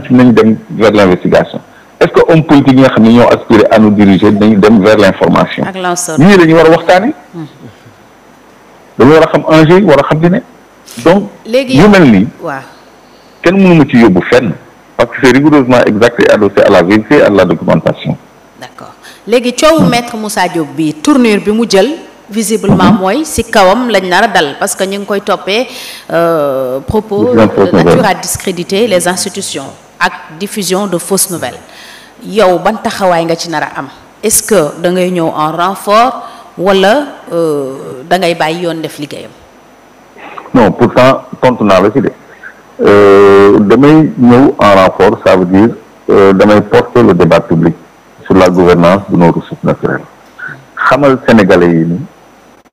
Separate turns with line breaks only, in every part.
si nañ dem vers l'investigation est-ce que homme politique yi xam ne ñoo aspiré à nous nañu dem vers l'information ñii la ñu war a waxtaane hmm. dañu war a xam enjeu yi war a xam di ne donc yu mel nii kenn mënu ci yóbbu fenn parce que c'est rigoureusement exact léegi coowu maître Moussa Diop bi tournure bi mu jël visiblement mooy ci kawam lañ nar dal parce que ñu ngi koy toppee euh, propos de nature à discréditer les institutions ak diffusion de fausses nouvelles yow ban taxawaay nga ci nar a am est-ce que da ngay ñëw en renfort wala euh, dangay ngay bàyyi yoon def liggéeyam. non pourtant tontu naa la ci de euh, damay ñëw en renfort ça veut dire euh, damay porter le débat public sur la gouvernance de nos ressources naturelles xamal sénégalais yi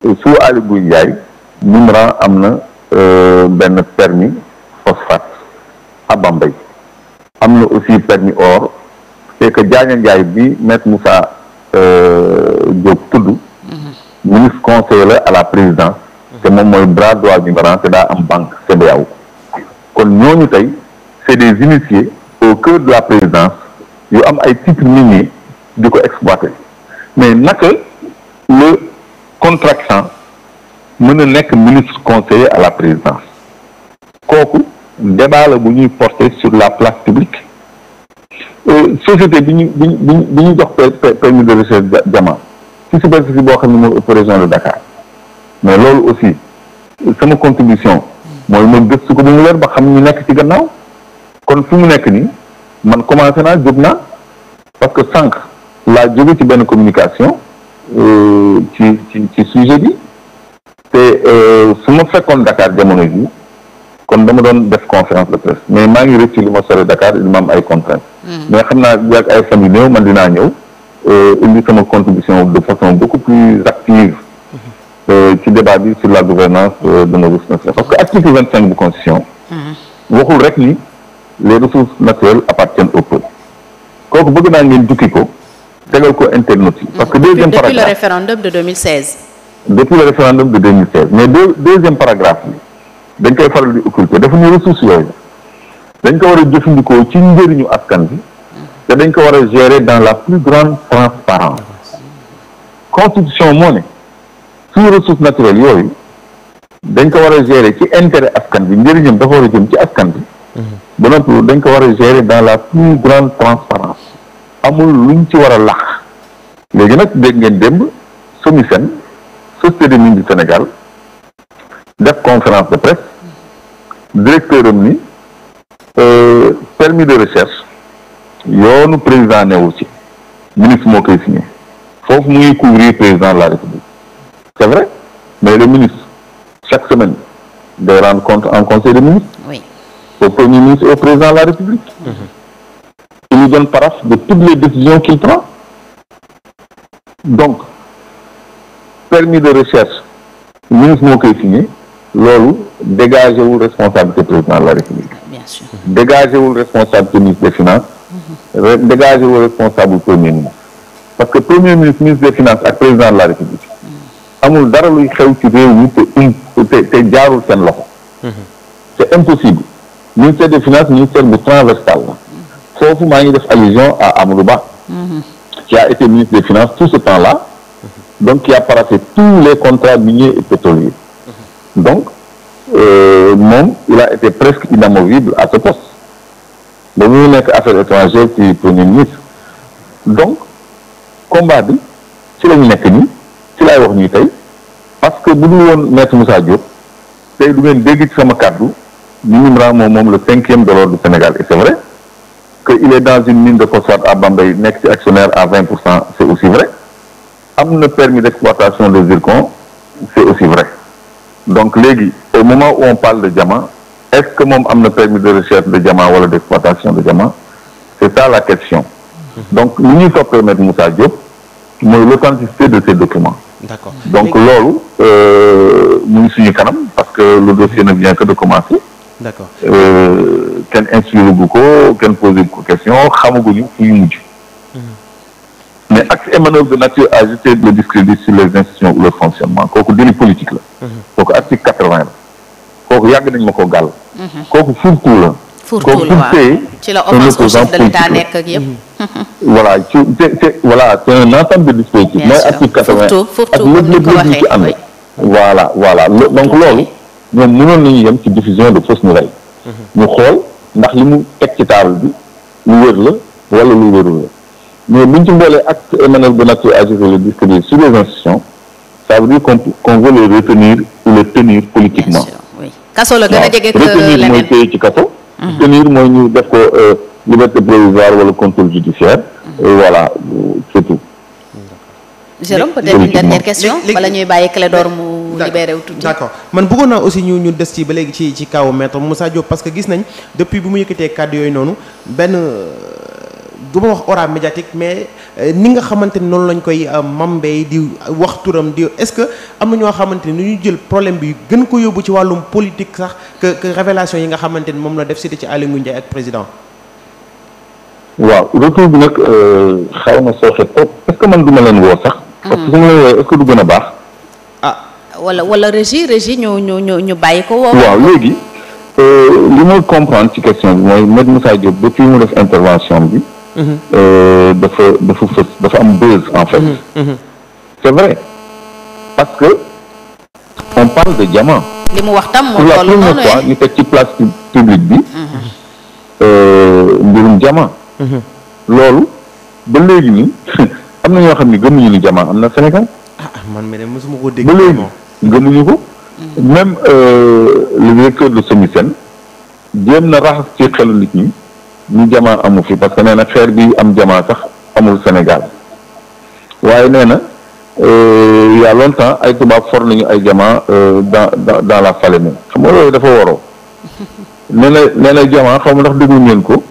ni su Aly Ngouille Ndiaye Mimran am na benn permis phosphate à am na aussi permis or c'est que Diagne Ndiaye bi maître Moussa euh, Diop tudd mhm. ministre conseiller la à la présidence mhm. te moom mooy bras droit bi nga daa am banque CBAO kon ñooñu tey c'est des initiés au cœur de la présidence yu am ay titres miniers di ko exploiter mais naka le contractant mën a nekk ministre conseiller à la présidence kooku débat la bu ñuy porter sur la place publique euh, société bi ñu bi ñu bi ñu jox permis de recherche jamono ci superficie boo xam ne moo ëpp région de Dakar mais loolu aussi sama contribution mooy ma gëstu ko ba mu leer ba xam ñu nekk ci gannaaw kon fi mu nekk nii man commencé naa jóg naa parce que sànq laa jóge ci benn communication euh, ci ci ci sujet bi te euh, su ma fekkoon Dakar jamono ji kon dama doon def conférence de presse mais maa ngi rëcc li ma sore Dakar il ma am ay contraintes. Hmm. mais xam naa yàgg ay fan néew man dinaa ñëw euh, indi sama contribution de façon beaucoup plus active. Hmm. Euh, ci débat bi sur la gouvernance de nos ressources naturelles parce que article vingt cinq bu constitution hmm. waxul rek ni les ressources naturelles appartiennent au peuple kooku bëgg naa ngeen jukki ko tegal ko internaute parce que deuxième paragraphe de 2016 depuis le référendum de dañ koy faral di occulter dafa ñu ressource yooyu dañ ko war a jëfandikoo ci njëriñu askan bi te dañ ko war a gérer dans la plus grande transparence constitution moo ne suñu ressource naturelle yooyu dañ koy war a gérer ci intérêt askan bi njëriñam dafa war a jëm ci askan bi mm-hmm. ba noppi dañ ko war a gérer dans la plus grande transparence amul luñ ci war a lax léegi nag dégg ngeen démb SOMISEN société des mines Sénégal def conférence de presse directeur am ni euh, permis de recherche yoonu président newu ci ministre moo koy signé foofu mu ngi couvrir président de la république c'est vrai mais le ministre chaque semaine day rendre compte en conseil des ministres au premier ministre au président de la république mm-hmm. il nous donne paraphe de toutes les décisions qu'il prend donc permis de recherche ministre moo koy signé loolu dégagé wul responsabilité président de la république. bien sûr dégagé wul responsabilité ministre des finances. dégagé wul responsable premier ministre. parce que premier ministre ministre des ak président de la république. amul dara luy xew ci réew mi te te te jaarul seen loxo. c'est impossible. ministère des finances ministère bu transversal la. foofu maa ngi def allusion à Amadou Ba. qui a été ministre des finances tout ce temps là. donc qui a paraphé tous les contrats miniers et pétroliers. donc euh, moom il a été presque inamovible à ce poste ba muy nekk affaires étrangères ci premier ministre donc combat bi ci lañu nekk nii ci laay wax ñuy tey parce que bu dul woon mu Moussa Diop tey du ngeen dégg ci sama kàddu ni Mimran moom moom le cinquième de l'ordre du Sénégal et c'est vrai que il est dans une mine de phosphate à Bambey nekk ci actionnaire à vingt pour cent c'est aussi vrai am na permis d'exploitation de zircon c'est aussi vrai donc léegi au moment où on parle de diamant est-ce que moom am na permis de recherche de diamant wala d'exploitation de diamant c'est ça la question donc li ñuy toppee maître Moussa Diop mooy l'authenticité de ces documents d'accord donc loolu euh, mu ngi suñu kanam parce que le dossier ne vient que de commencer d'accord euh, kenn instruire gu ko kenn posé ko question xamaguñu fu mais acte et manœuvre de nature à jeter le discrédit fonctionnement kooku délit politique la mhm. kooku article quatre-vingt la kooku yàgg nañ ma ko gàll mhm. kooku fourre-tout la kooku fourre-tout ci la offense au chef de l'État nekk ak yëpp mhm. voilà ci te voilà c'est un ensemble de dispositifs mooy article quatre-vingt ak lépp lépp lépp ci ànd voilà voilà donc loolu ñoom mënoon nañu yem ci diffusion de fausses nouvelles ñu xool ndax li mu teg ci table bi lu wér la wala lu wérul la mais bu ñu ci mboolee acte et manœuvre de nature à gérer le sur les institutions ça veut dire qu'on qu'on veut le retenir politiquement. kaso la gën a jege retenir mooy téye ci mhm. mooy ñu def ko euh, liberté provisoire wala contrôle judiciaire. Mhm. voilà c'est tout. Jérôme peut-être une dernière question wala ñuy bàyyi Clédor mu libéré wu tuuti man bëggoon aussi ñu ñu des ci ba léegi ci ci kaw maître Moussa Diop parce que gis nañ depuis bu mu yëkkatee kàddu yooyu noonu benn. du ma wax aura médiatique mais euh, ni nga xamante ni noonu lañ koy euh, mambey di wax turam di est-ce que am na ñoo xamante ni ñu jël problème bi gën ko yóbbu ci wàllum politique sax que que révélation yi nga xamante ni moom la def di ci Aliou Ndiaye ak président. waaw retour bi nag euh, xaw na sooxe trop est-ce que man duma leen woo sax. Mm-hmm. parce ma woo est-ce que du gën a baax. ah wala wala régie régie ñu ñu ñu ñu bàyyi ko. woo waaw léegi li ma comprendre ci question bi mooy Me Moussa Diop depuis mu def intervention bi. Euh, dafa dafa fës dafa am buzz en fait mm-hmm, mm-hmm. c'est vrai parce que on parle de diamant li mu wax tam pour la première fois eh. ñu teg ci place publique bi mm-hmm. euh, mbirum diamant loolu ba léegi ni am na ñoo xam ne gëmuñu ni jaman am na Sénégal ah, man ma ne mosuma ko dégg ba léegi gëmuñu ko même euh, le directeur de SOMISEN jéem na raxas ci xelu nit ñi ñu jamaa amu fi parce que nee xeer bi am jamaa sax amul Sénégal waaye nee na euh, il y a longtemps ay tubaab for nañu ay jamaa euh, dans dans dans la Falémé xam nga dafa waroo nee na nee na jamaa xaw ma ndax déglu ngeen ko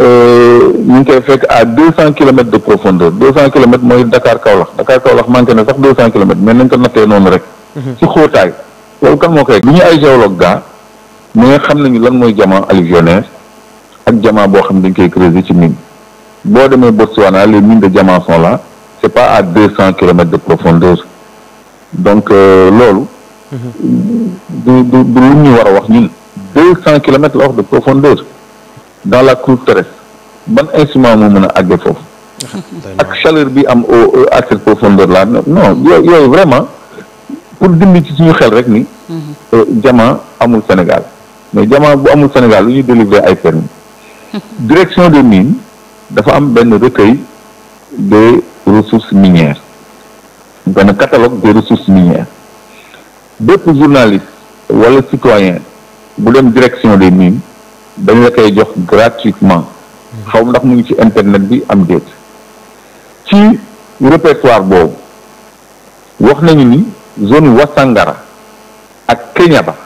euh, ñu ngi fekk à deux cent kilomètres de profondeur deux cent kilomètres mooy Dakar Kaolack Dakar Kaolack manqué na sax deux cent kilomètres mais nañ ko nattee noonu rek. Mhm. ci xóotaay loolu kan moo koy. lu ñu ay géologue gaa mais xam nañu lan mooy jamaa alluvionnaire. ak diamant boo xam dañ koy creuser ci mine boo demee Botswana les mines de diamant sont la c'est pas à deux cent kilomètres de profondeur donc euh, loolu du du lu ñu war a wax ñun deux cent kilomètres la wax de profondeur dans la croûte terrestre ban instrument moo mën a àggee foofu ak chaleur bi am au euh, profondeur là non yooyu vraiment pour dindi ci suñu xel rek ni mhm. euh, diamant amul Sénégal mais diamant bu amul Sénégal lu ñu délivrer ay permis direction de mines dafa am benn recueil des ressources minières benn catalogue des ressources minières bépp journaliste wala citoyen bu dem direction des mines dañ la koy jox gratuitement xaw ndax mu ngi ci internet bi am déet ci répertoire boobu wax nañu ni zone Wassangara ak Kéniaba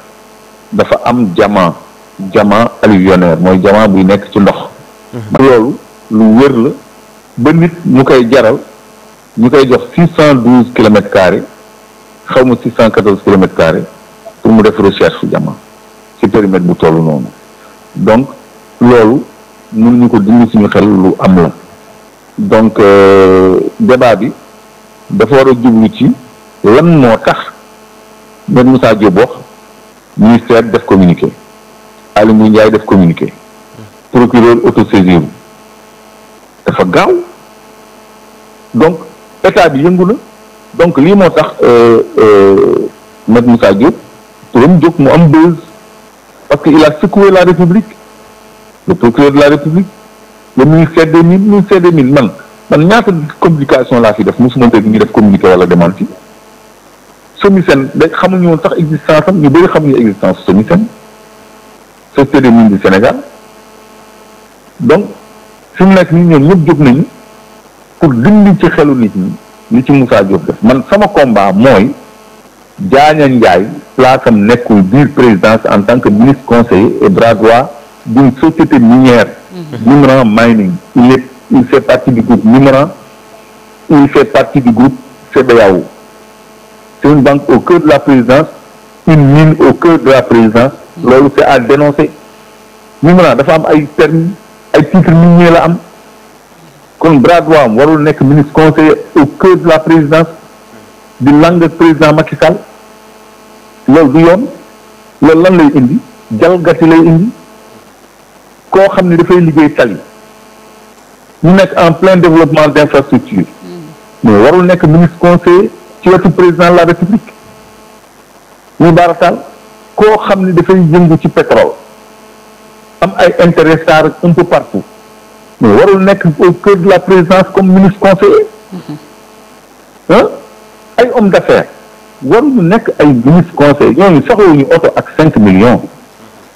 dafa am diamant jama alluvionnaire mooy jama buy nekk ci ndox mhm. loolu lu wér la ba nit ñu koy jaral ñu koy jox six cent douze kilomètres carrés xaw ma six cent quatorze kilomètres carrés pour mu def recherche jama ci périmètre bu tollu noonu donc loolu mënuñu ko dindi suñu xel lu am la donc euh, débat bi dafa war a jublu ci lan moo tax Me Moussa Diop wax ñuy def communiqué Aly Ngouille Ndiaye def communiqué procureur autosaisir dafa gaaw donc état bi yëngu na donc lii moo tax euh, euh, Maître Moussa Diop turam jóg mu am buzz parce que il a secoué la république le procureur de la république le ministère des mines ministère des mines man man ñaata communication laa fi def mosuma dégg ñu def communiqué wala démenti SOMISEN da xamuñu woon sax existence am ñu bëri xamuñu existence SOMISEN secteur des Sénégal donc fi mu nekk nii ñoom ñëpp jóg nañu pour dindi ci xelu nit ñi li ci Moussa Diop def man sama combat mooy Diagne Ndiaye place am nekkul biir présidence en tant que ministre conseiller et bras droit d'une société minière. Mimran mhm. Mining il est il fait partie du groupe Mimran il fait partie du groupe CBAO c'est une banque au cœur de la présidence une mine au cœur de la présidence loolu c'est à dénoncer mu mun dafa am ay permis ay titre minier la am kon bras droit am warul nekk ministre conseiller au cœur de la présidence di langue président Macky Sall loolu du yoon loolu lan lay indi jalgati lay indi koo xam ni dafay liggéey tali mu nekk en plein développement d'infrastructure mm. mais warul nekk ministre conseiller ci wetu président la république muy baarataal koo xam ne dafay jëngu ci pétrole am ay intérêt saar un peu partout mais warul nekk au cœur de la présidence comme ministre conseiller mm-hmm. ay homme d'affaires waruñu nekk ay ministre conseiller ñooñu soxlawuñu oto ak cinq millions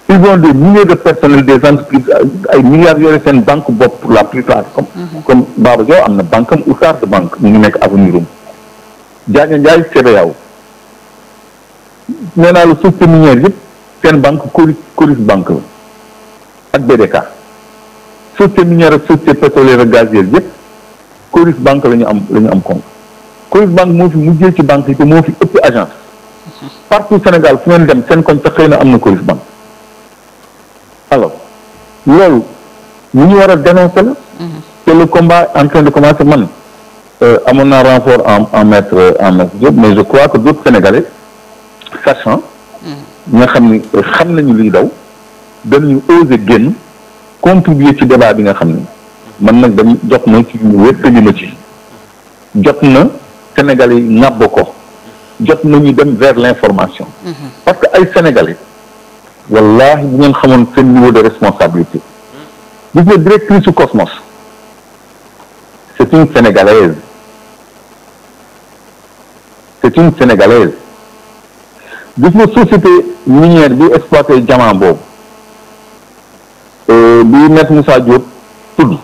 ils ont des milliers de personnels des entreprises ay milliards yore seen banque bopp pour la plupart comme mm-hmm. comme Baba am na banque am Oussard de banque mu ngi nekk avenir um Diagne Ndiaye CBAO nee naa la société minière yëpp seen banque Coris Coris banque la ak BDK société minière ak société ak gazière yëpp Coris banque la ñu am la am compte Coris banque moo fi mujjee ci banque yi te moo fi ëpp agence partout Sénégal fu ngeen dem seen koñ te xëy na am na Coris banque alors loolu ñu ñu war a dénoncer la mm-hmm. te le combat en train de commencer man euh, amoon naa renfort en en maître en maître Diop mais je crois que d'autres Sénégalais sachant ñi nga xam ni xam nañu liy daw dañuy oser génn contribuer ci débat bi nga xam ni man nag dañu jot na ci ñu wéttali ma ci jot na sénégalais yi ŋàbb ko jot nañu dem vers l'information parce que ay sénégalais wallahi bu ngeen xamoon seen niveau de responsabilité gis nga directrice su Cosmos c'est une sénégalaise c'est une sénégalaise gis nga société minière bi exploité diamant boobu euh, bi Maître Moussa Diop tudd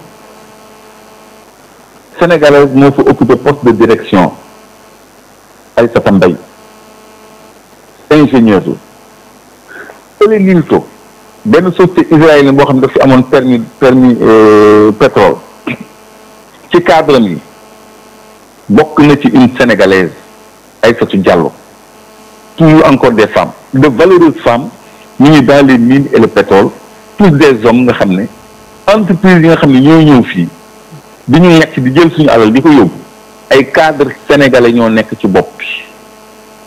sénégalaise moo fa occupé poste de direction Aïssata Mbaye ingénieur la ële lilto benn société israélienne boo xam ne daf fi amoon permis permi euh, pétrole ci cadre mi bokk na ci une sénégalaise Aïssatou jàll toujours encore des femmes de valeureuses femmes ñu ngi dans de mines et le pétrole plus des hommes nga xam ne entreprise yi nga xam ne ñoo ñëw fii di ñu nekk di jël suñu alal di ko yóbbu ay cadres sénégalais ñoo nekk ci bopp bi.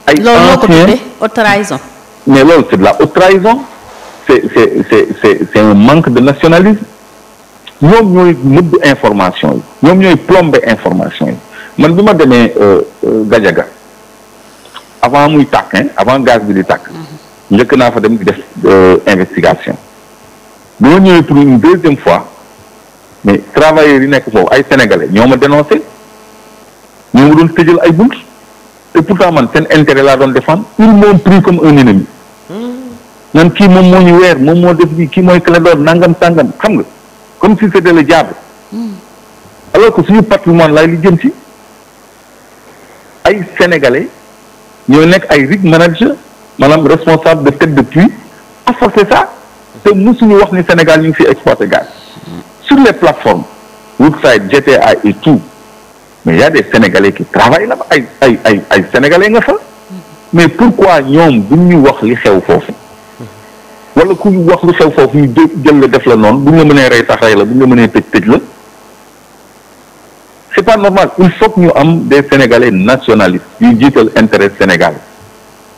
ay anciens haute trahison mais loolu c'est de la haute trahison c'est c'est c'est c'est c'est un manque de nationalisme ñoom ñooy nëbb information yi ñoom ñooy plomber information yi man bi ma demee euh, euh, Gajaga. avant muy tàkk avant gaz bi di tàkk mhm. njëkk naa fa dem di def euh, investigation bi ñëwee pour une deuxième fois mais travailleurs yi nekk foofu ay sénégalais ñoo ma dénoncé ñoo ma doon tëjël ay bunt te pourtant man seen intérêt laa doon défendre ils m'ont pris comme un ennemi nan mhm. kii moom moo ñu weer moom moo def lii kii mooy Clédor nangam sàngam xam nga comme si c'était la diable mhm. alors que suñu patrimoine laay li jëm ci ay sénégalais ñoo nekk ay rig manager maanaam responsable de tête de puits assorté ça te suñu wax ni Sénégal ñu ngi fi exporté gaz sur les plateformes Woodside GTA et tout mais y a des Sénégalais qui travaillent là ay ay ay ay Sénégalais nga fa mais pourquoi ñoom buñ ñu wax li xew foofu wala ku ñu wax lu xew foofu ñu jël la def la noonu buñ la mënee rey sax rey la buñ la mënee tëj tëj la c'est pas normal il faut que ñu am des sénégalais nationalistes yu jiital intérêt Sénégal